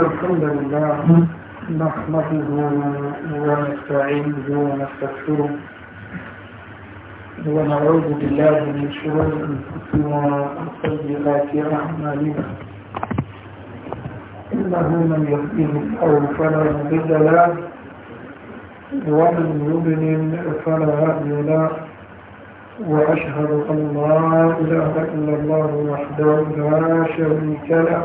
الحمد لله نحمده ونستعينه ونستغفره ونعوذ بالله من شرور أنفسنا وسيئات أعمالنا إنه من يهديه الله فلا مضل له ومن يضلل فلا هادي له وأشهد أن لا إله إلا الله وحده لا شريك له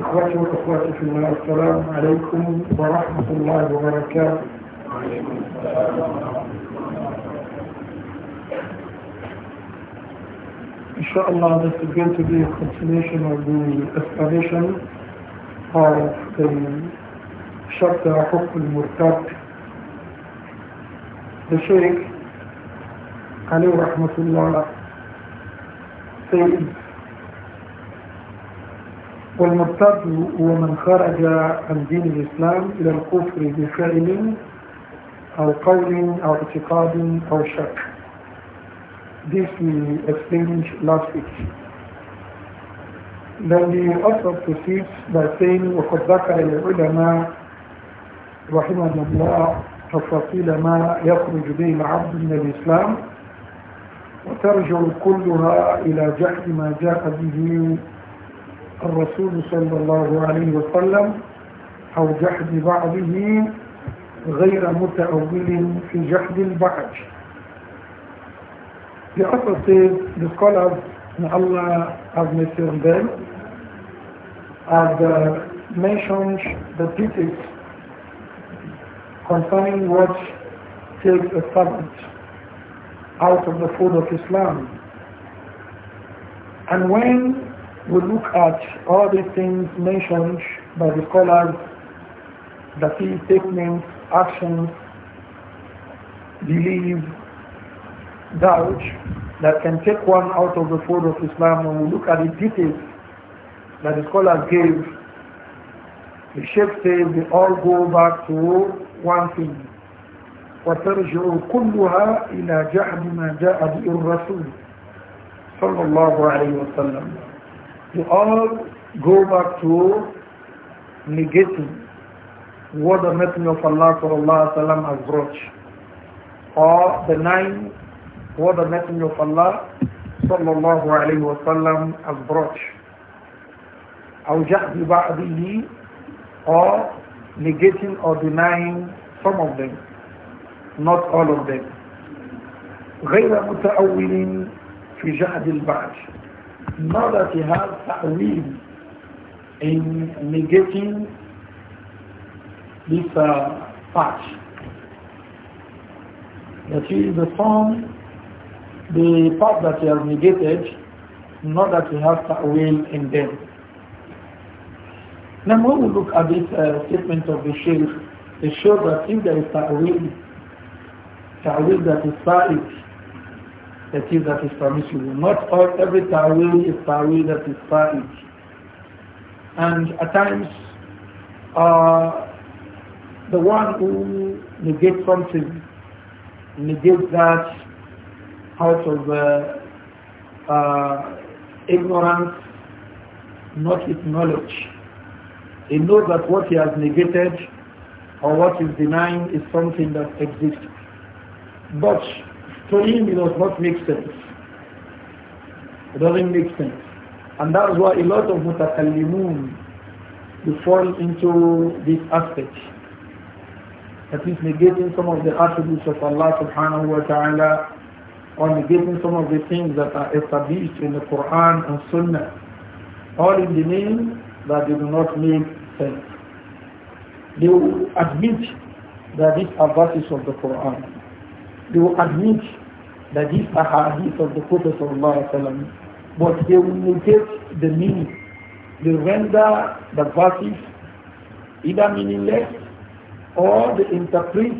إخوتي وأخواتي في الله السلام عليكم ورحمة الله وبركاته Inshallah, this is going to be a continuation of the explanation of the chapter Hukm al-Murtad. The Sheikh, Ali Rahmatullah, says والمرتد هو من خرج عن دين الإسلام إلى الكفر بفعل أو قول أو اعتقاد أو شك This we explained last week. Then we also proceed by saying وقد ذكر العلماء رحمهم الله تفاصيل ما يخرج به العبد من الإسلام وترجع كلها إلى جحد ما جاء به الرسول صلى الله عليه وسلم أو جحد بعضه غير متأول في جحد البعض The author says, the scholars, may Allah have mentioned them, have uh, mentioned the details concerning what takes a servant out of the fold of Islam. And when we look at all the things mentioned by the scholars, the key statements, actions, belief, doubt that can take one out of the fold of Islam when we look at the details that the scholars gave. The Sheikh says they all go back to one thing. وترجع كلها إلى جعل ما جاء به الرسول صلى الله عليه وسلم to all go back to negating what the Messenger of Allah sallallahu has brought or denying what the Messenger of Allah sallallahu Alaihi Wasallam has brought أو جهد بعضه or negating or denying some of them not all of them غير متأول في جهد البعض now that he has ta'wil in negating this uh, part, that is the form, the part that he has negated, not that he has ta'wil in them. Now when we look at this uh, statement of the Shaykh, it shows that if there is ta'wil, ta'wil that is valid, a thing that is permissible. Not all, every ta'wil is ta'wil that is fa'id. And at times, uh, the one who negates something, negates that out of uh, uh, ignorance, not his knowledge. He knows that what he has negated or what he's denying is something that exists. But to him, it does not make sense. It doesn't make sense. And that's why a lot of mutakallimun, they fall into this aspect. That is negating some of the attributes of Allah subhanahu wa ta'ala or negating some of the things that are established in the Quran and Sunnah. All in the name that they do not make sense. They will admit that these are verses of the Quran they will admit that these are hadith of the Prophet but they will negate the meaning. They render the verses either meaningless or they interpret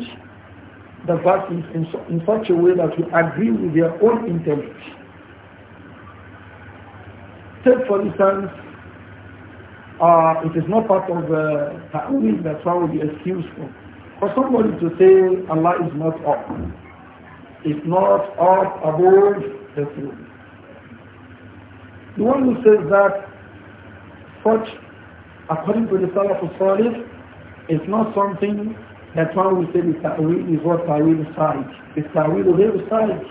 the verses in, in such a way that they agree with their own intellect. Take for instance, uh, it is not part of the uh, ta'wil that one will be excused for. For somebody to say Allah is not up, is not up above the truth. The one who says that such, according to the Salaf of salih is not something that one will say the is what Ta'wil side. It's Ta'wil of every side.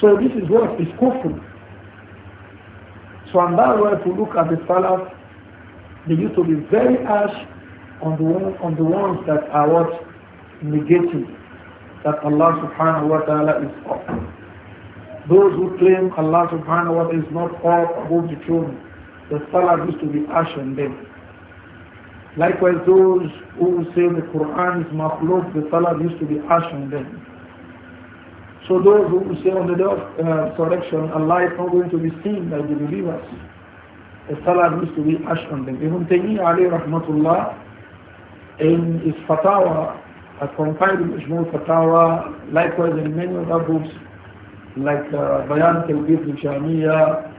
So this is what is kufr. So and that way to look at the Salaf, they used to be very harsh on the, on the ones that are what? Negating that Allah subhanahu wa ta'ala is up. Those who claim Allah subhanahu wa ta'ala is not are above the throne, the salah used to be ash on them. Likewise, those who say the Quran is makhluk, the salah used to be ash on them. So those who say on the day of uh, Allah is not going to be seen by the believers, the salah used to be ash on them. Ibn Taymiyyah alayhi rahmatullah in his fatwa as compiled in Ijmul Fatawa, likewise in many other books like uh, Bayan Tawbid al-Shamiya,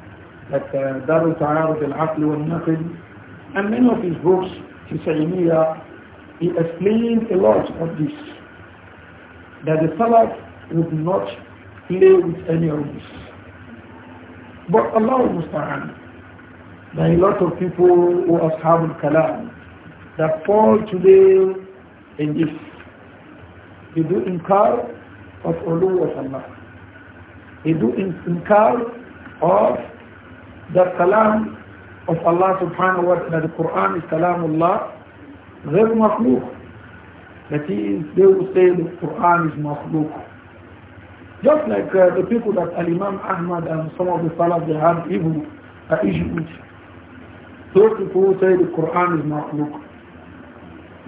like uh, Darul Ta'arud al-Aql wal-Naql, and many of his books, Tisaymiya, he explained a lot of this, that the Salaf would not play with any of this. But Allah Musta'an, there are a lot of people who are Ashab al-Kalam that fall today in this. They do inkar of ulu of Allah. They do inkar of the kalam of Allah subhanahu wa ta'ala. The Quran is kalamullah, غير مخلوق. That is, they will say the Quran is makhluk. Just like uh, the people that Al-Imam Ahmad and some of the Salaf they have even uh, issues. Those people who say the Quran is makhluk.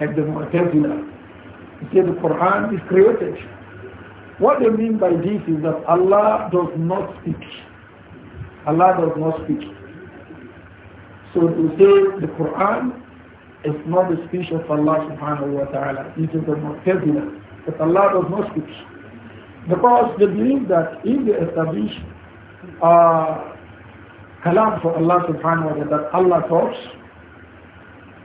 Like the Mu'tazila say the Quran is created. What they mean by this is that Allah does not speak. Allah does not speak. So to say the Quran is not the speech of Allah subhanahu wa ta'ala. It is a Mu'tazila. But Allah does not speak. Because they believe that if they establish a kalam for Allah subhanahu wa ta'ala, that Allah talks,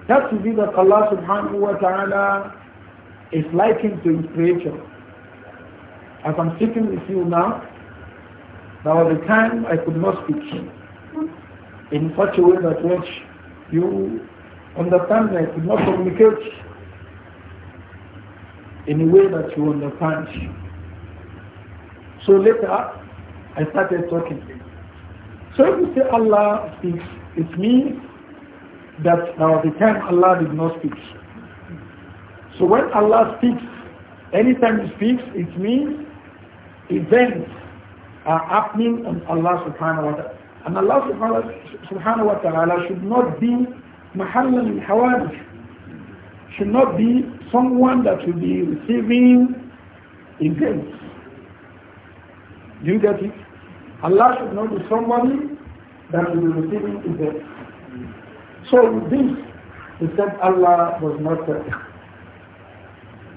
that will be that Allah subhanahu wa ta'ala is likened to his creator. As I'm sitting with you now, there was a time I could not speak in such a way that which you understand I could not communicate in a way that you understand. So later, I started talking. So if you say Allah speaks, it means that was the time Allah did not speak. So when Allah speaks, anytime He speaks, it means events are happening on Allah subhanahu wa ta'ala. And Allah subhanahu wa ta'ala should not be mahallan hawadith, should not be someone that will be receiving events. Do you get it? Allah should not be somebody that will be receiving events. So with this, he said Allah was not perfect.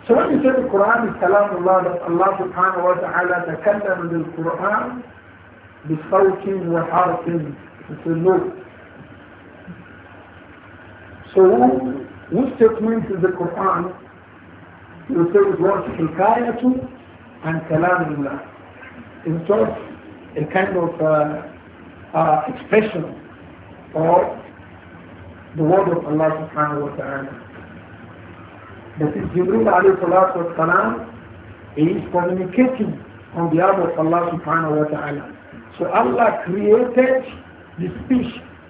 So when you say the Quran is Kalamullah, that Allah subhanahu wa ta'ala تكلم بالقرآن بصوت وحرف It's a note. So which statement in the Quran you say is what حكاية and كلام Allah, It's just a kind of uh, uh, expression of the word of Allah subhanahu wa ta'ala. That is Jibril alayhi salatu salam is communicating on behalf of Allah subhanahu wa ta'ala. So Allah created the speech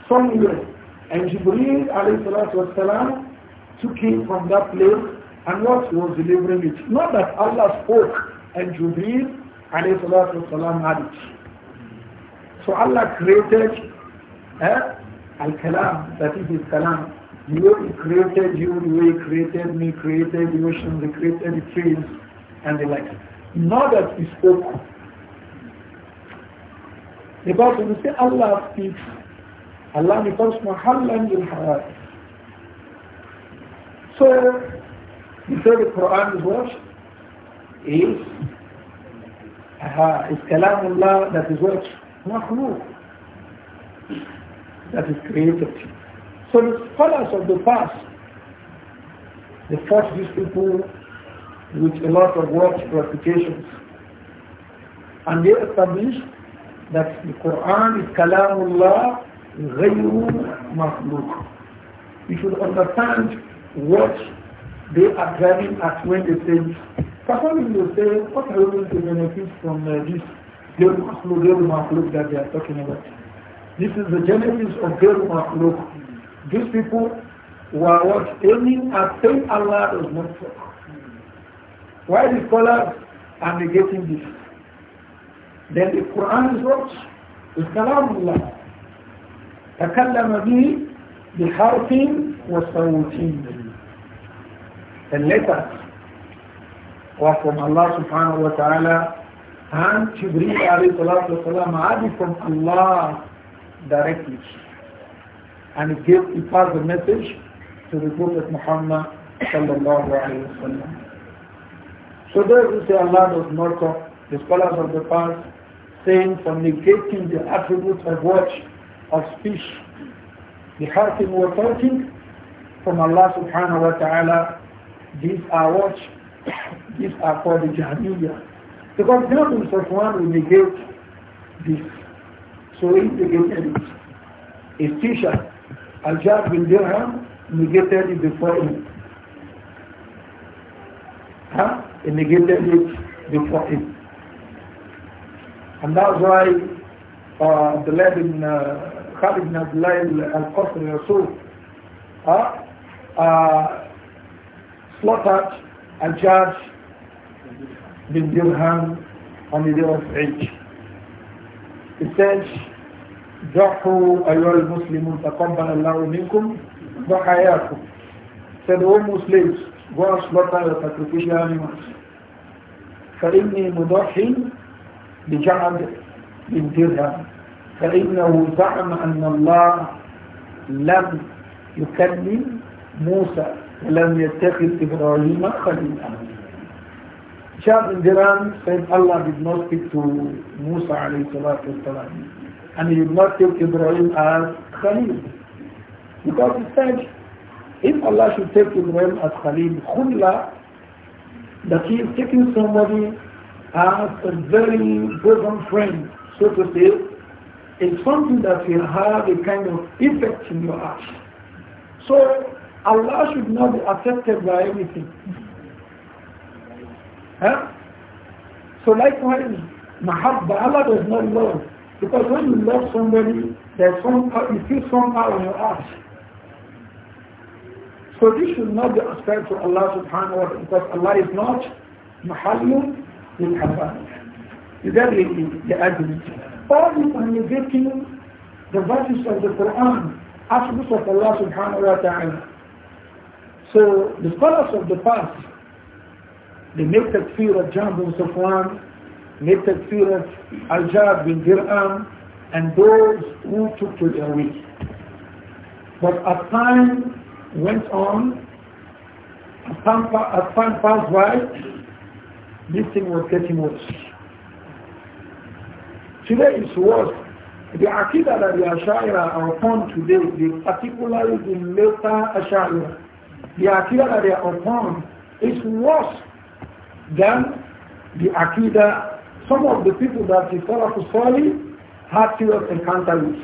somewhere and Jibril alayhi salatu wa salam took it from that place and what was delivering it. Not that Allah spoke and Jibril alayhi salatu wa salam had it. So Allah created eh, al-kalam, that is his kalam. You created you, you created me, created oceans, created the trees, and the like. Now that he spoke, the Bible will say Allah speaks. Allah refers Muhammadan in hara. So, you say the Quran is what? Is, uh, is Allah that is what? Makhluq. That is created. So the scholars of the past, they first these people with a lot of works, reputations. And they established that the Quran is Kalamullah غير مخلوق. You should understand what they are driving at when they say, performing will say, what are you going to benefit from uh, this غير مخلوق, غير مخلوق that they are talking about? This is the genesis of غير مخلوق. These people were what aiming at saying Allah does not talk. Why the scholars are negating this? Then the Quran is what? It's Kalamullah. تكلم به بحرف وصوت and us or from Allah subhanahu wa ta'ala and Jibreel alayhi salatu wa salam added from Allah directly and he gave, he passed the message to the Prophet Muhammad sallallahu alayhi wa sallam. So those who say Allah does not talk, the scholars of the past saying from negating the attributes of watch, of speech, the hearting or talking from Allah subhanahu wa ta'ala, these are watch, these are for the Jahmiyyah. Because the in Safwan will negate this. So he negated it. A teacher Al Jad bin Dirham negated it before him. Huh? He negated it before him. And that's why uh, the lad in uh, Khalid bin Abdullah al-Qasr Rasul uh, uh, slaughtered Al Jad bin Dirham on the day of Eid. He said, ضحوا أيها المسلمون تقبل الله منكم ضحاياكم تدعو مسلمس وأصبت وتتركيش يعني فإني مضحي بجعد من درهم فإنه زعم أن الله لم يكلم موسى ولم يتخذ إبراهيم خليلا جاء من درهم سيد الله بن نصبك موسى عليه الصلاة والسلام and he did not take Ibrahim as Khalil. Because he said, if Allah should take Ibrahim as Khalil, Khulla, that he is taking somebody as a very bosom friend, so to say, is something that will have a kind of effect in your heart. So Allah should not be affected by anything. Huh? So likewise, Mahabba, Allah does not love. Because when you love somebody, there's some, you feel some somehow in your heart. So this should not be ascribed to Allah subhanahu wa ta'ala because Allah is not muhallun lil hasan. You get the, the argument. All you are negating the verses of the Quran, attributes of Allah subhanahu wa ta'ala. So the scholars of the past, they make takfir of jambu bin Safwan, made Surah Al-Jab bin Dir'am and those who took to their way. But as time went on, as time, time passed by, this thing was getting worse. Today it's worse. The akida that the Ashaira are upon today, particularly the later Ashaira, the akida that they are upon is worse than the akida some of the people that he the Salaf Salih had serious encounter with.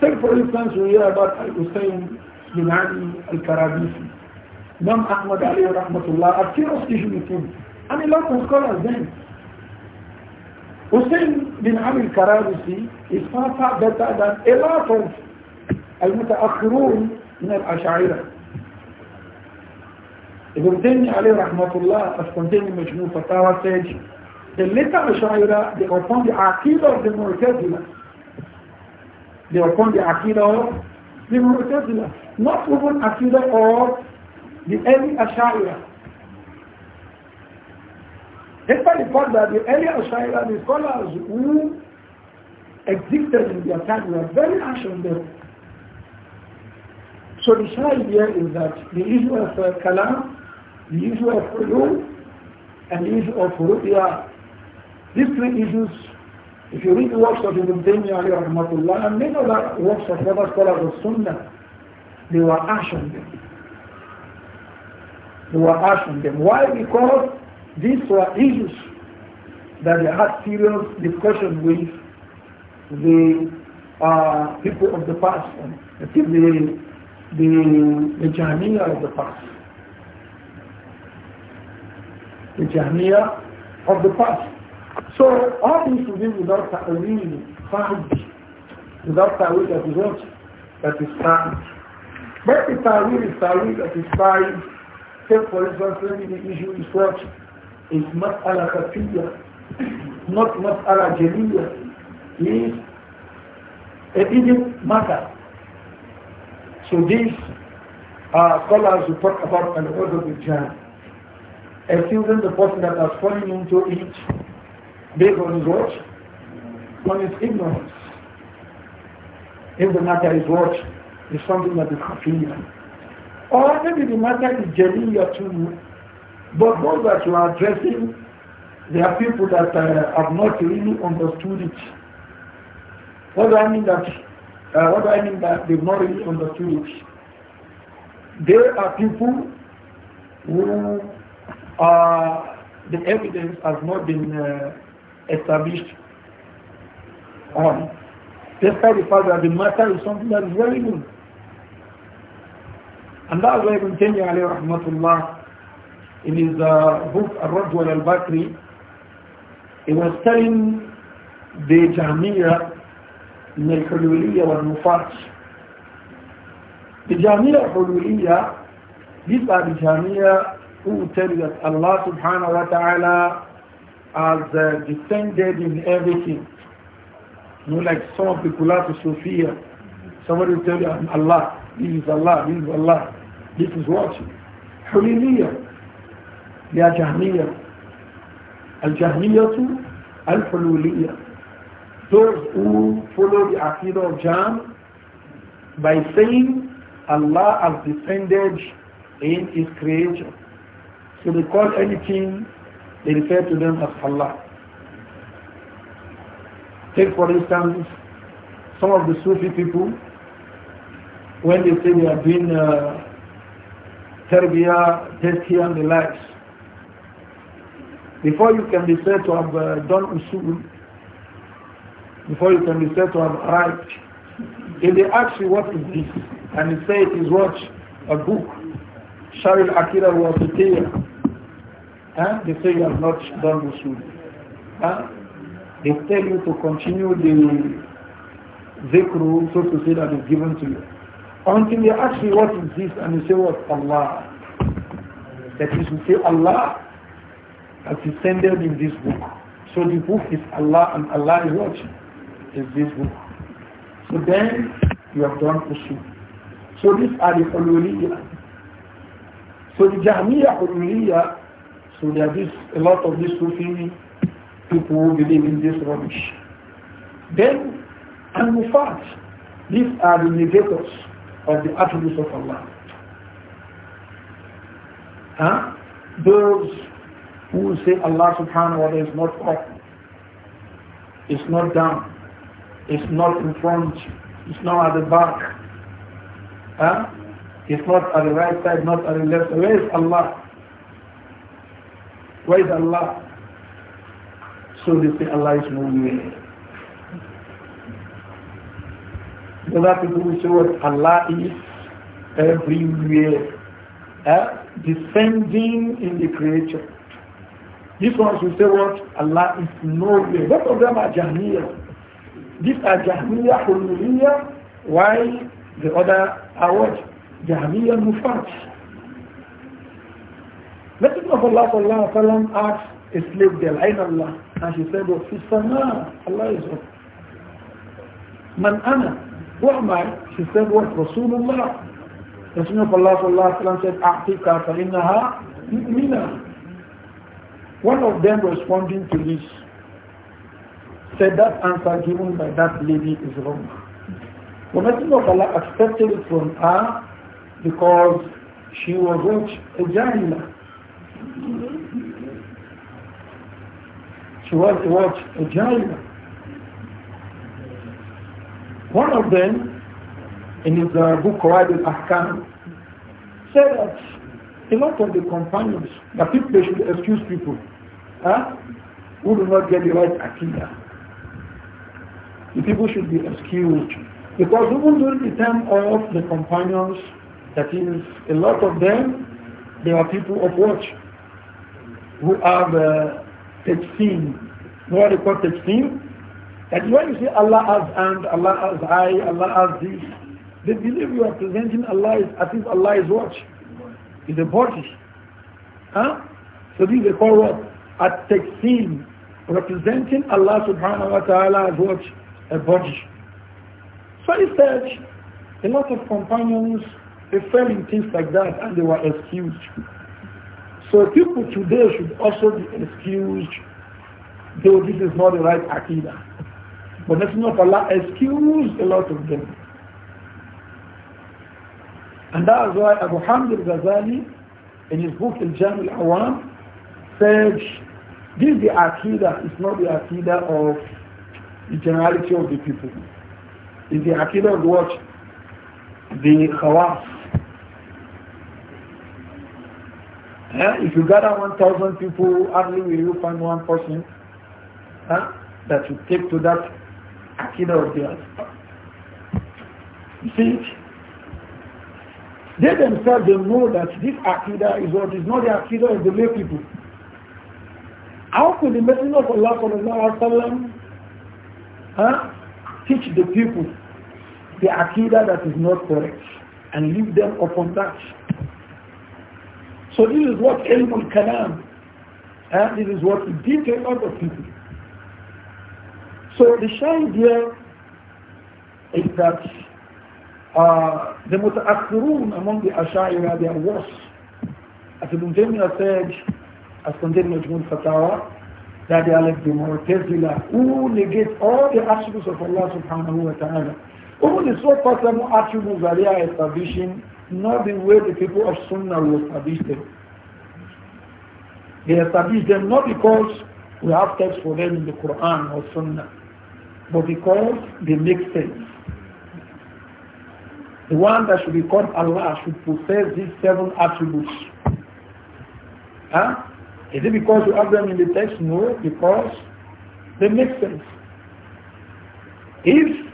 Take for instance, we hear about hussein bin Ali Al-Karabisi, Imam Ahmad Ali Rahmatullah, a serious issue with him, and a lot of scholars then. Hussein bin Ali Al-Karabisi is far, far better than a lot of Al-Mutaakhirun in Al-Ash'ira. Ibn Taymiyyah alayhi rahmatullah as contained in Majmu Fatawa said, the later Ash'ira, they were upon the Aqidah of the Mu'tazila. They were upon the Aqidah of the Mu'tazila. Not even Aqidah of the early Ash'ira. Despite the fact that the early Ash'ira, the scholars who existed in their time were very ancient there. So the side here is that the issue of uh, kalam the issue of Ulum and the issue of Ruqya. These three issues, if you read the works of Ibn Taymiyyah rahmatullah, and many other works of other scholars of Sunnah, they were ashing them. They were ashing them. Why? Because these were issues that they had serious discussion with the uh, people of the past, the, the, the Jahmiyyah of the past the Jahmiya of the past. So all these things be without ta'wil, found, without ta'wil that is not That is found. But the ta'wil is ta'wil that is found. Take for instance, maybe the issue is what? Is mas'ala khafiyya, not mas'ala jaliyya. Is a hidden matter. So these are uh, scholars who talk about an order of jihad. A student, the person that has fallen into it based on his what? On his ignorance. If the matter is what? Is something that is confusing. Or maybe the matter is genuine to you, but those that you are addressing, they are people that uh, have not really understood it. What do I mean that? Uh, what do I mean that they've not really understood it? There are people who uh, the evidence has not been uh, established on. Despite the fact that the matter is something that is very new. And that's why Ibn Taymiyyah rahmatullah in his uh, book Al-Rajwal al-Bakri he was telling the the من الحلولية والنفاق The Jamia Hululiyya, these are the Jamia who will tell you that Allah subhanahu wa ta'ala has uh, descended in everything. You know, like some of the Kulatu Sophia, somebody will tell you, Allah, this is Allah, this is Allah, this is what? Huliliya, Ya Jahmiya, Al-Jahmiyatu, Al-Hululiya. Those who follow the Aqidah of Jam by saying Allah has descended in His creation. So they call anything, they refer to them as Allah. Take for instance, some of the Sufi people, when they say they have been uh, terbiya, tazkiyah and the likes, before you can be said to have uh, done usul, before you can be said to have arrived, if they ask you what is this, and you say it is what? A book, Sharil Akira the wasitiyah Huh? They say you have not done usul. Huh? They tell you to continue the zikru, so to say, that is given to you. Until you ask me what is this, and you say what? Allah. That is to say Allah has descended in this book. So the book is Allah and Allah is what? Is this book. So then you have done usul. So these are the ululiyah. So the Jahmiya ululiyah so there are a lot of these people who believe in this rubbish. Then, in mufat these are the negators of the attributes of Allah. Huh? Those who say Allah subhanahu wa ta'ala is not up, is not down, is not in front, is not at the back, huh? is not at the right side, not at the left side. Where is Allah? Why is Allah? So they say Allah is nowhere. The other people will say what Allah is everywhere, eh? descending in the creature. These ones will say what Allah is nowhere. Both of them are Jahmiya. These are Jahmiya Hulmiya, while the other are what? Jahmiya Mufat. Rasulullah sallallahu alaihi wasallam asked a slave girl, "Ain Allah," and she said, "Oh, Fisana, Allah is up." Man ana? Who am I? She said, "What Rasulullah?" Rasulullah sallallahu alaihi wasallam said, "Aqtika fa innaha mu'mina." One of them responding to this said that answer given by that lady is wrong. The Messenger of Allah accepted it from her because she was rich, a jahila. Mm-hmm. She what she was a jailer. One of them, in his uh, book Raid al said that a lot of the companions, the people they should excuse people, huh, who do not get the right akida. The people should be excused. Because even during the time of the companions, that is, a lot of them, they are people of watch who are the tajfeen. Who are called they And when you say Allah has and Allah has eye, Allah has this, they believe you are presenting Allah as, as if Allah is what? Is a body. Huh? So these they call what? At tajfeen, representing Allah subhanahu wa ta'ala as what? A body. So he said, a lot of companions, they fell in things like that and they were excused. So people today should also be excused, though this is not the right akida. But let's not Allah excused a lot of them. And that is why Abu Hamd al-Ghazali, in his book Al-Jam al-Awam, said, this the akida is not the akida of the generality of the people. It's the akida of what? The khawas, If you gather 1,000 people, hardly will you find one person huh, that will take to that Akida of theirs. You see They themselves, they know that this Akida is what is not the Akida of the lay people. How could the Messenger of Allah sallallahu alaihi huh, teach the people the Akida that is not correct and leave them upon that? So this is what ilmul kalam, and this is what it did to a people. So the shahid here is that uh, the mutaakhirun among the Ash'ari, they are worse. As Ibn Taymiyyah said, as contained in Fatawa, that they are like the Mu'tazila who negate all the attributes of Allah subhanahu wa ta'ala. Even the so-called attributes that they are establishing not the way the people of Sunnah will establish them. They establish them not because we have texts for them in the Quran or Sunnah, but because they make sense. The one that should be called Allah should possess these seven attributes. Huh? Is it because you have them in the text? No, because they make sense. If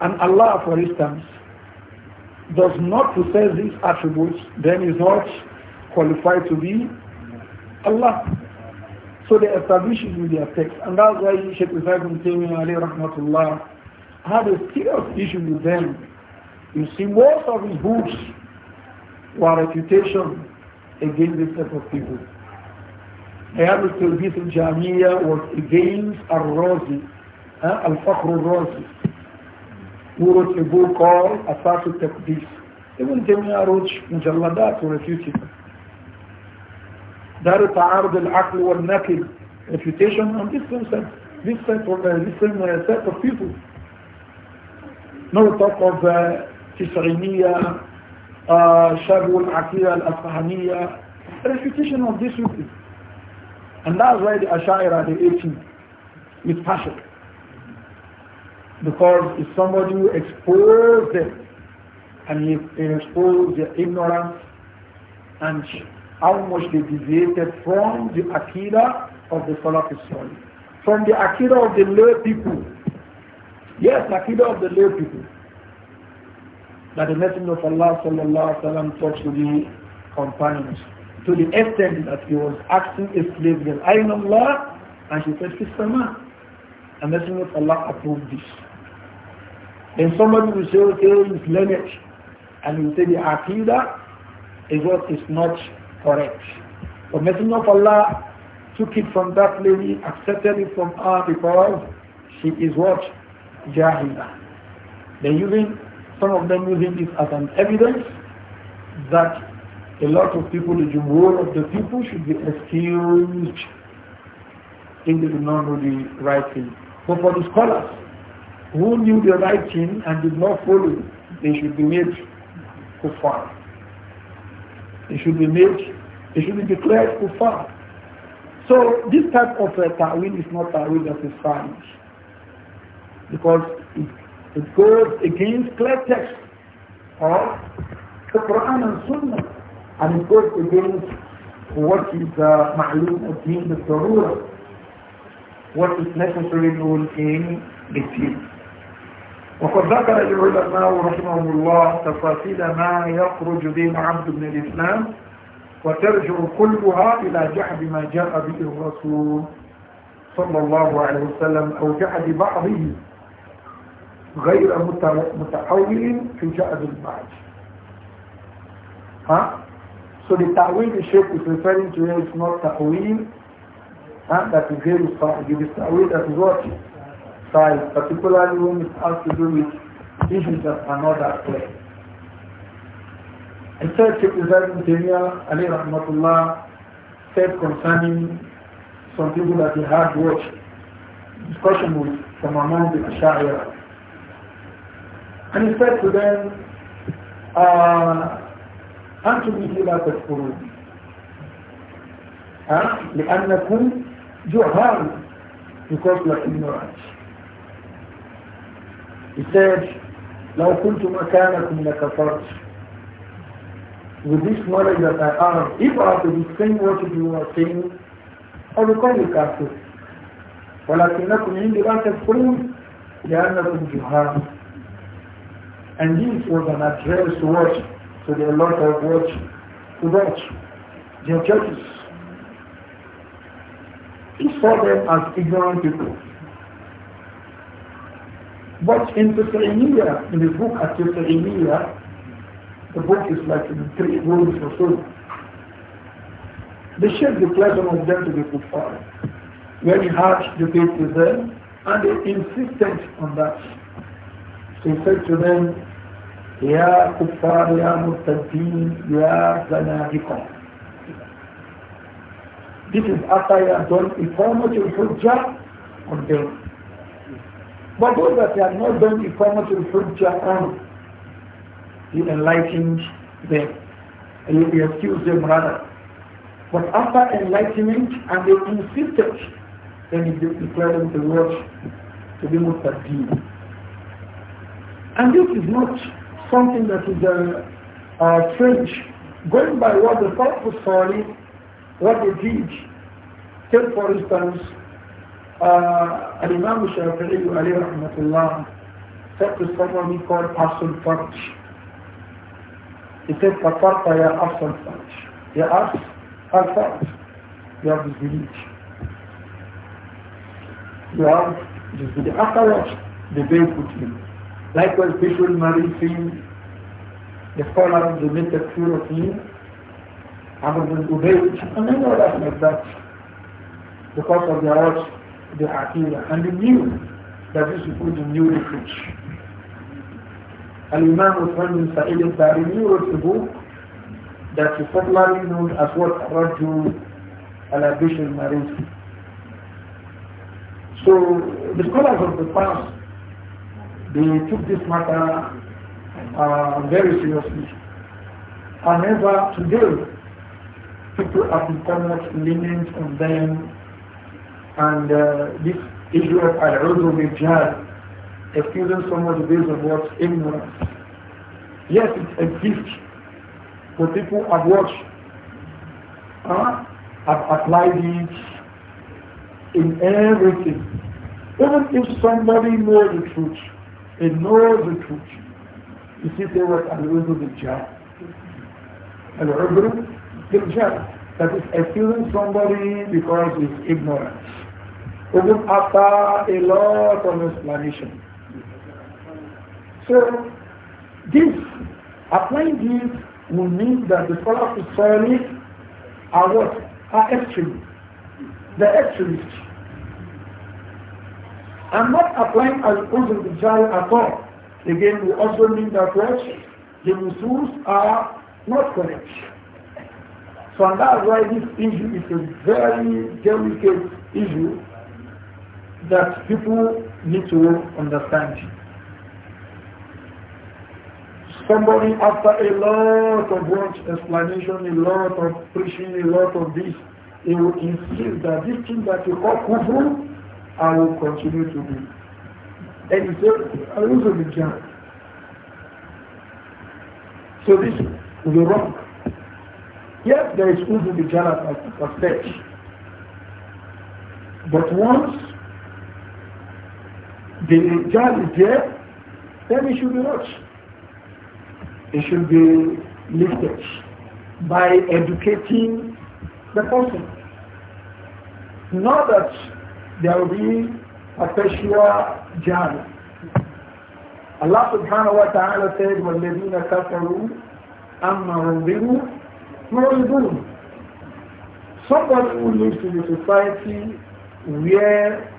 an Allah, for instance, does not possess these attributes, then is not qualified to be Allah. So they establish it with their text. And that's why Sheikh Ibrahim Taymiyyah Ali Rahmatullah had a serious issue with them. You see, most of his books were refutation against this type of people. Hayat al-Tilbis Jamia jamiyya was against al-Razi, eh, al-Fakhr al-Razi who wrote uh, a book called Asatu Taqdis. Ibn Taymiyyah wrote Mujalladat to refute it. Dar Ta'arud al-Aql wal-Naql, refutation on this concept, this set of, uh, this same, uh, set of people. No talk of Tisriniya, uh, Shabu al-Aqiyya al-Asfahaniya, refutation of this people. And that's why the Ashaira, they ate him with passion. Because if somebody exposed them and he, he exposed their ignorance and how much they deviated from the Akira of the Salafi Salih. From the Akira of the lay people. Yes, Akira of the lay people. That the Messenger of Allah sallallahu alaihi wasallam taught to the companions to the extent that he was asking a slave girl, I know Allah, and she said, Fisama. And the Messenger of Allah approved this. Then somebody will say, okay, it's learned. And you say the Aqidah is what is not correct. But Messenger of Allah took it from that lady, accepted it from her because she is what? jahila. They're using, some of them using this as an evidence that a lot of people, the jumhur of the people should be excused if they do not know the right thing. But for the scholars, who knew the right thing and did not follow, they should be made kuffar. They should be made, they should be declared kuffar. So this type of uh, ta'wil is not ta'wil that is fine, because it, it goes against clear text of the Quran and Sunnah and it goes against what is uh, ma'lum of deen, the darura, what is necessary in the deen. وقد ذكر العلماء رحمهم الله تفاصيل ما يخرج به عبد بن الإسلام وترجع كلها إلى جحد ما جاء به الرسول صلى الله عليه وسلم أو جحد بعضه غير متحول في جحد البعض ها So the ta'wil the Sheikh is referring to here is not ta'wil huh? that is very صحيح. It is ta'wil that is what? style, particularly when it has to do with issues that are not at play. And third, Sheikh Isaac ibn Ali Rahmatullah, said concerning some people that he had watched discussion with from among the Ash'ariyah. And he said to them, أنتم به لا تذكرون لأنكم جهال because you are ignorant. He said, لو كنت مكانكم لكفرت With this knowledge that I have, if I have to explain what you are saying, I will call you kafir. ولكنكم عندي لا تذكرون لأنكم جهال. And this was an address to what? To the lot of what? To what? Their churches. He saw them as ignorant people. But in Tutaymiyyah, in the book of Tutaymiyyah, the book is like in three volumes or so, the Sheikh declared some of them to be kuffar. Very he had debate with them, and they insisted on that. So he said to them, "Ya kufar, ya مرتدين ya زنادقة This is after he had done Iqamat al-Hujjah on them. But those that have not done the in to refer to you enlighten them. And you excuse them rather. But after enlightenment and they insisted, then you declare them to watch to be mustadeen. And this is not something that is uh, uh, strange. Going by what the was sorry, what they did, take for instance uh, Imam Shafi'i alayhi rahmatullah said to someone he called Absul Farj. He said, Fatarta ya Absul Farj. Ya As, al Farj. You have village. You have disbelieved. Afterwards, the veil put him. Likewise, visual married him. The scholar of the method pure of him. And of the Ubay, and many others like that. Because of their words, the Aqidah and they knew that this people knew new truth. Al-Imam Uthman bin Sa'id al-Bahrini wrote the book that is popularly known as what Rajul al-Abish al-Marisi. So the scholars of the past, they took this matter uh, very seriously. However, today, people have become much lenient on them and uh, this issue of al-udhu bil-jahl, excusing someone based on what ignorance. Yes, it exists, but people have watched, huh? have applied it in everything. Even if somebody knows the truth, they know the truth. You see, they were al-udhu bil-jahl. Al-udhu bil-jahl. bil is excusing somebody because of ignorance even after a lot of explanation. So this, applying this will mean that the scholars of Solid are what? Are extremists. They're extremists. I'm not applying opposed to Bijal at all. Again, we also mean that what? The Muslims are not correct. So and that's why this issue is a very delicate issue that people need to understand. Somebody after a lot of words, explanation, a lot of preaching, a lot of this, he will insist that this thing that you call kufru, I will continue to do. And he said, I also began. So this is wrong. Yes, there is Uzu Bijala of such. But once the job is there, then it should be watched. It should be lifted by educating the person. Not that there will be perpetual jihad. Allah subhanahu wa ta'ala said, وَالَّذِينَ كَفَرُوا أَمَّا رُضِرُوا مُعْرِضُونَ Somebody who lives in a society where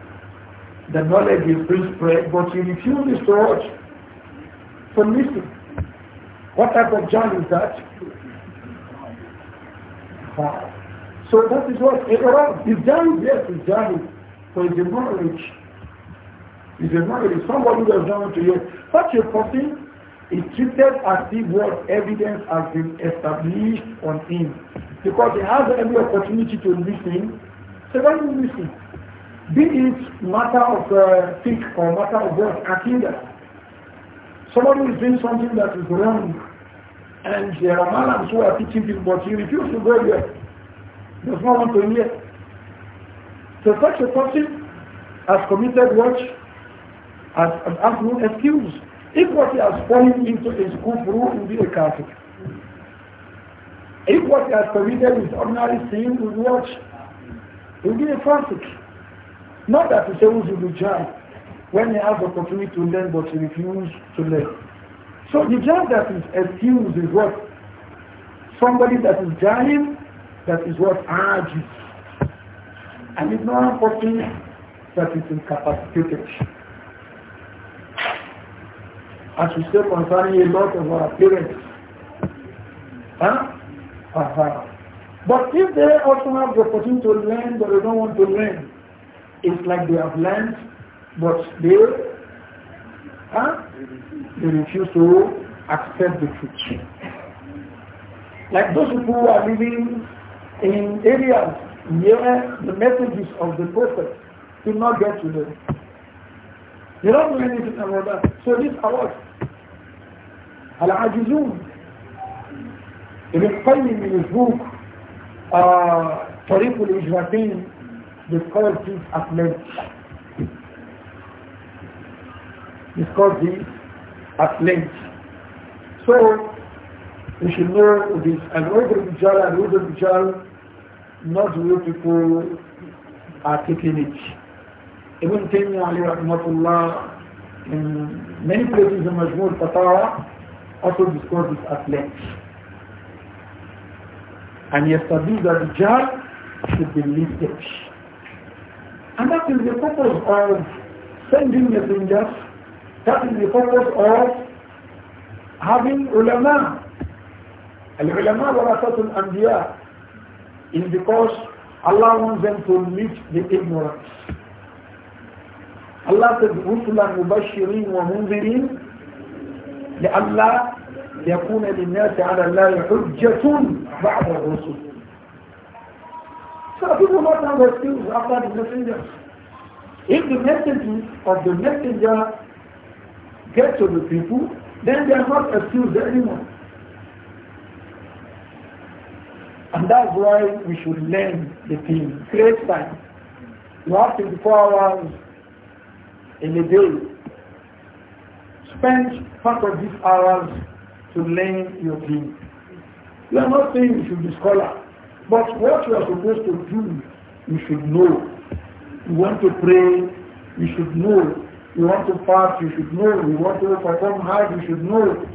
the knowledge is being spread, but he refuses to watch. So listen, what type of John is that? So that is what Iran is yes, it's done. So the a knowledge. is a knowledge. Somebody does down want to hear. Such a person is treated as if what evidence has been established on him. Because he has every opportunity to listen. So when you listen, be it matter of uh, or matter of what, akidah. Somebody is doing something that is wrong and there are malams who are teaching people but he refuses to go there. There's no one to hear. So such a person has committed what? Has, has no excuse. If what he has fallen into is rule, will be a Catholic. If what he has committed is ordinary sin, will watch. will be a fasik. Not that it's a will child when he has opportunity to learn but he refuses to learn. So the child that is excused is what? Somebody that is dying, that is what argues, And it's not important that it is incapacitated. As we say concerning a lot of our parents. Huh? Uh-huh. But if they also have the opportunity to learn but they don't want to learn, it's like they have learned, but they, huh? they refuse to accept the truth. Like those who are living in areas near the messages of the prophet do not get to them. They don't know anything about that. So this award, what? Al-Ajizun. Ibn Qayyim in his book, uh, طريق الإجراءين discussed this at length. Discussed this at length. So, we should know this. And Ubaid al-Bijal and Ubaid not real people are taking it. Ibn Taymiyyah Ali rahmatullah, in many places in Majmur Fatawa, also discussed this at length. And he established that the jar should be lifted. And that is the purpose of sending messengers. That is the purpose of having ulama. Al-ulama warasatul anbiya is because Allah wants them to meet the ignorance. Allah says, رُسُلًا مُبَشِّرِينَ وَمُنذِرِينَ لألا يكون للناس على الله حجة بعد الرسل so people not have excuse after the messenger. If the message of the messenger gets to the people, then they are not accused anymore. And that's why we should learn the thing. Great time. You have 24 hours in a day. Spend part of these hours to learn your thing. You are not saying you should be scholar. But what you are supposed to do, you should know. You want to pray, you should know. You want to fast, you should know. You want to perform hajj, you should know.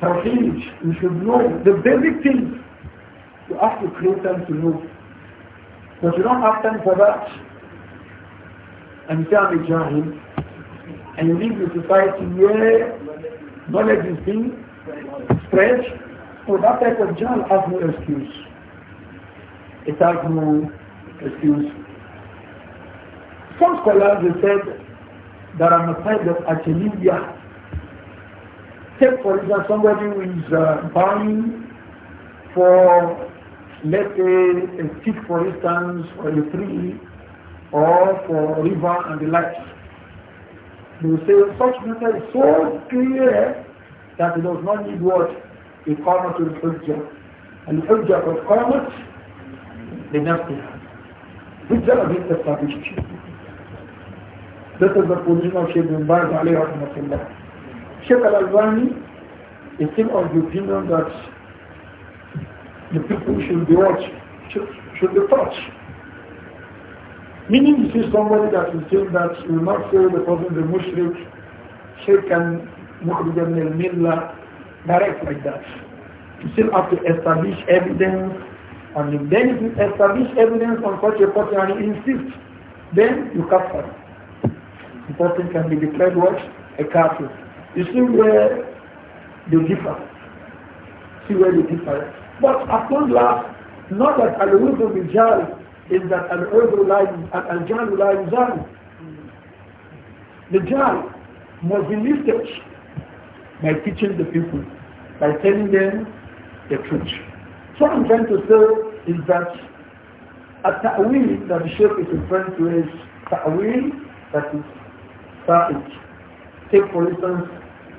Tawheed, you should know. The basic things, you have to create them to know. But you don't have time for that. And you say, I'm a jahil. And you live in society where knowledge is being spread so that type of jihad has no excuse. It has no excuse. Some scholars have said there are methods of atelivia. Take for example somebody who is uh, buying for let's say a stick for instance or a tree or for a river and the like. They will say such matter is so clear that it does not need water. إقامة الحجة الحجة قد قامت لنفسها حجة لم تستطيع This is the position of Sheikh bin Baz Ali rahmatullah. Sheikh is still of the opinion that the people should be watched, should, should be touched. Meaning this is somebody that is saying that you will not say the person is a mushrik, shaykh and mukhrij al-millah, direct like that. You still have to establish evidence and Then if you establish evidence on such a person and you insist, then you capture. The person can be declared what? A captive. You see where they differ. See where they differ. But at one last, not that al-urdu bijal is that al-urdu al-jal la yuzal. The jal must be lifted by teaching the people, by telling them the truth. So what I'm trying to say is that a ta'wil that the Shaykh is referring to is ta'wil that is ta'id. Take for instance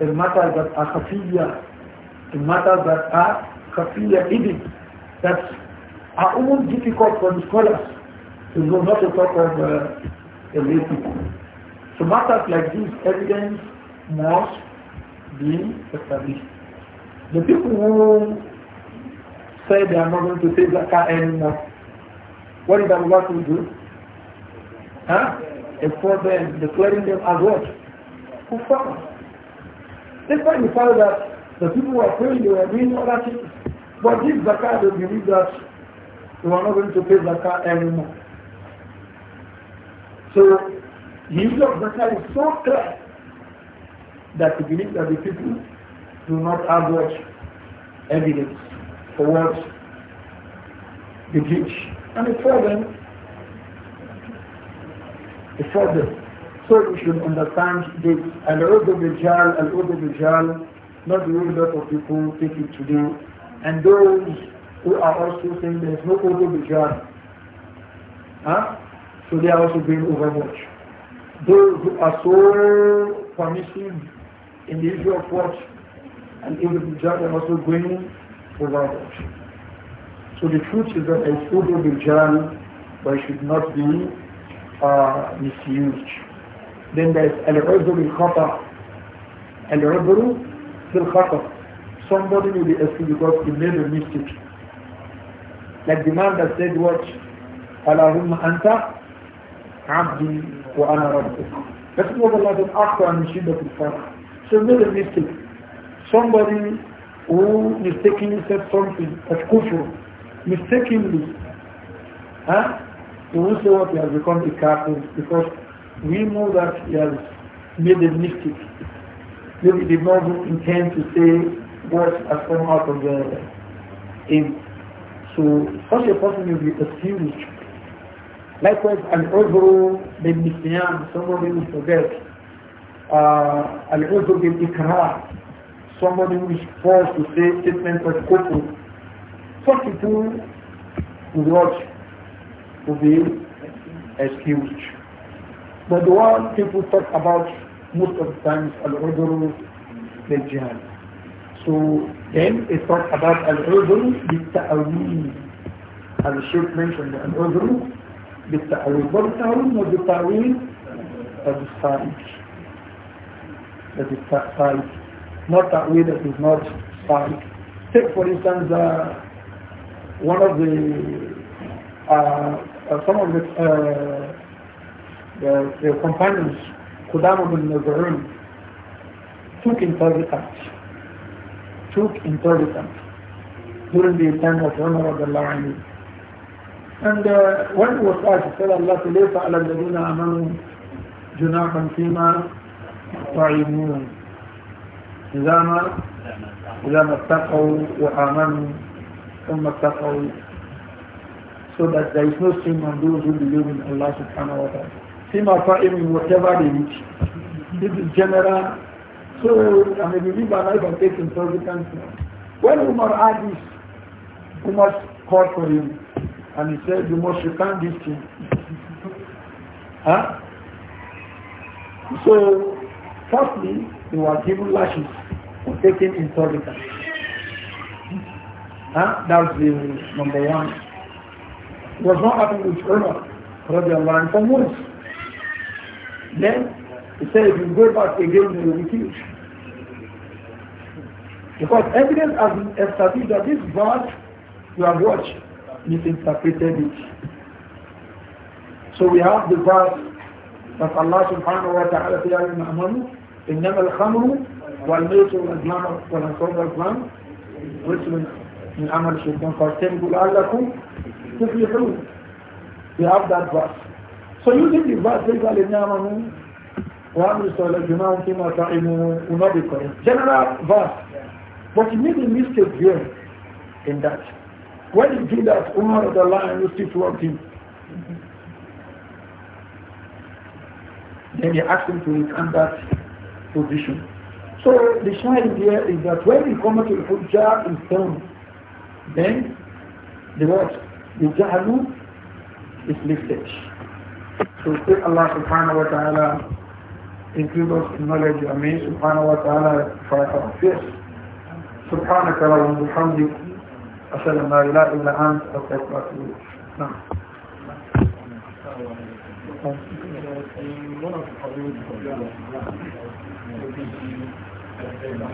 a matter that are khafiyya, a matter that are khafiyya hidden, that are almost difficult for the scholars to know not to talk of uh, the lay people. So matters like these evidence must being established. The people who say they are not going to pay Zakah anymore, uh, what is Allah to do? Huh? for them, declaring them as what? Kufar. That's why we found that the people who are praying, they were doing all that things. But this Zakah, they believe that they are not going to pay Zakah anymore. So, the use of Zakah is so clear that he believes that the people do not have what evidence for what they teach. And the problem, the problem. So we should understand this. Al-Urdu Bijal, Al-Urdu Bijal, not the way lot of people take it to do, And those who are also saying there is no Urdu Bijal, huh? so they are also being overwatched. Those who are so permissive in the issue of what? And Ibn Jal also going without So the truth is that I should be Jal, but should not be uh, misused. Then there is Al-Uzr al-Khata. Al-Uzr al-Khata. Somebody will be excused because he made a mistake. Like the man that said what? Allahumma anta abdi wa ana rabbuk. That's what Allah said after an shiddat al-Fatah. So made a mistake. Somebody who mistakenly said something at Kufru, mistakenly, huh? we will say what he has become a captain because we know that he has made a mistake. Maybe he did not intend to say what has come out of the In So such a person will be accused. Likewise, an overall, the misyan, somebody will forget al-udhr bil ikrah somebody who is forced to say statements of kufr such people would watch to be excused but the one people talk about most of the times al-udhr bil jihad so then it not about al-udhr bil I should the Sheikh mentioned al-udhr بالتأويل at the time? that is sahih, not that way that is not sahih. Take for instance uh, one of the uh, uh some of the, uh, the, the companions Qudama bin Nazarun took interpretant, took interpretant during the time of Umar the line. And uh, when he was asked, he said, Allah, ليس and الذين يطعمون إذا ما إذا ما اتقوا وآمنوا ثم اتقوا so that there is no sin on those who believe in Allah subhanahu wa ta'ala. Sin or fa'im in whatever they reach. This is general. So, I mean, we live our life and take intoxicants. When Umar had this, Umar called for him and he said, you must return this thing. huh? So, Firstly, he was given lashes for taking intolerance. Huh? That was the number one. It was not happening with Umar, radiallahu anhu, for months. Then, he said, if you go back again, you will be killed." Because evidence has been established that this verse you have watched misinterpreted it. So we have the verse that Allah subhanahu wa ta'ala says, إنما الخمر والميت والأزلام والأنصار والأزلام رسل من عمل الشيطان فاجتنبوا لعلكم تفلحون We have that verse. So using the verse, they will amanu وعمل الصالحات جماعهم فيما تعلمون will not be correct. General verse. But he made a mistake here in that. When he did that, Umar of the lion used it towards him. Then he asked him to recant that position. So the shahid here is that when come to the hujjah is done, then the what? The Jahalu is lifted. So say Allah subhanahu wa ta'ala increase us in knowledge. Ameen. Subhanahu wa ta'ala for our fears. سبحانك اللهم وبحمدك أشهد أن لا إله إلا أنت أستغفرك نعم. One of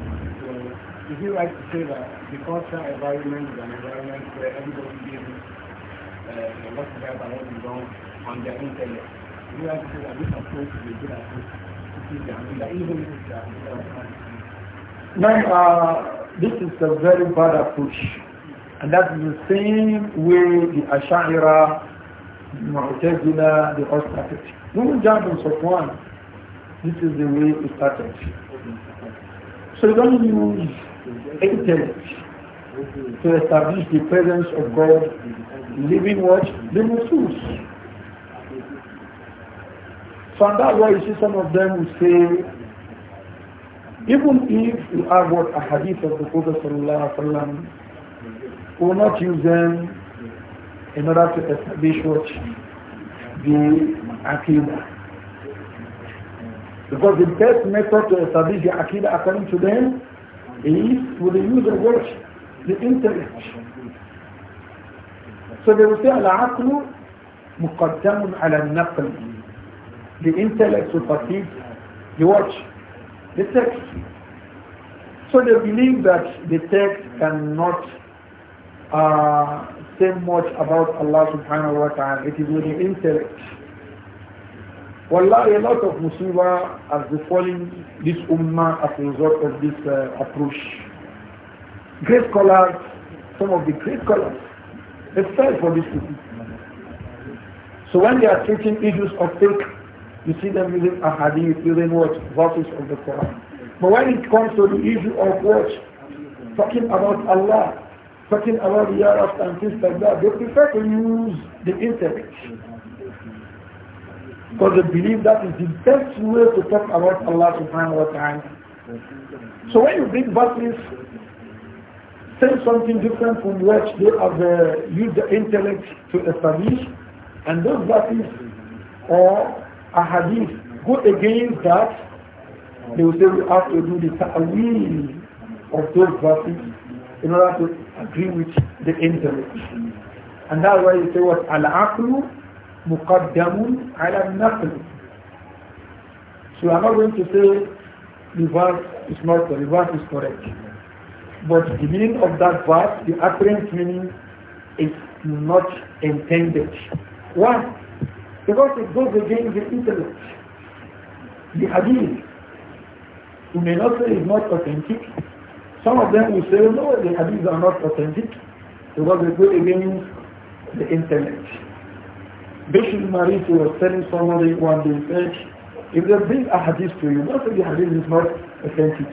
So is it right to say that the cultural environment is an environment where everybody is uh, what's right and what is wrong on their internet, Is it right to say that this approach is a good approach to teach the Amida, even if it's the Amida Man, uh, this is a very bad approach. And that is the same way the Ash'ira, the Mu'tazila, the all started. Even Jabir one. this is the way it started. So you don't use intellect to establish the presence of God living what? Living truth. So that's why you see some of them will say, even if you have what a hadith of the Prophet sallam, will not use them in order to establish what the aqidah. Because the best method to establish the Aqidah according to them is with the use of words, The intellect. So they will say, Al-Aqlu muqaddamun ala naql The intellect perceive, the watch, the text. So they believe that the text cannot uh, say much about Allah subhanahu wa ta'ala. It is with the intellect. Wallahi, a lot of musibah are befallen this ummah as a result of this uh, approach. Great scholars, some of the great scholars, excel for this So when they are treating issues of faith, you see them using a hadith, using what? Verses of the Quran. But when it comes to the issue of what? Talking about Allah, talking about the hereafter and things like that, they prefer to use the intellect. Because they believe that is the best way to talk about Allah subhanahu wa ta'ala. So when you bring verses, say something different from what they have uh, used the intellect to establish, and those verses or a hadith go against that, they will say we have to do the ta'wil of those verses in order to agree with the intellect. And that's why you say what al-aqlu Muqaddamun على النقل So I'm not going to say the verse is not the verse is correct. But the meaning of that verse, the apparent meaning is not intended. Why? Because it goes against the intellect. The hadith, we may not say is not authentic. Some of them will say, no, the hadiths are not authentic because they go against the intellect. Bashir Marif was telling somebody one day, said, if they bring a hadith to you, not that the hadith is not authentic.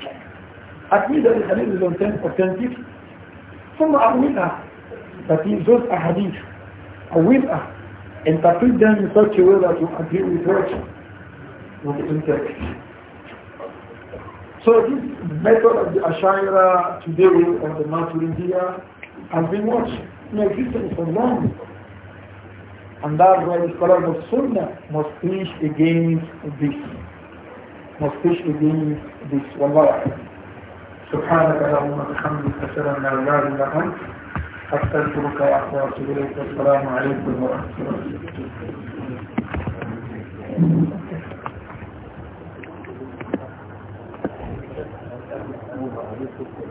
Admit that the hadith is authentic. Some are winner. That is, just a hadith. A winner. Interpret them in such a way that you agree with what with the intent. So this method of the Ashaira today or the Maturidiyya has been what? In existence for long. And that's why the scholars of Sunnah must preach against this. Must preach against this. Wallah. سبحانك اللهم وبحمدك أشهد أن لا إله إلا أنت أستغفرك وأتوب إليك والسلام عليكم ورحمة الله وبركاته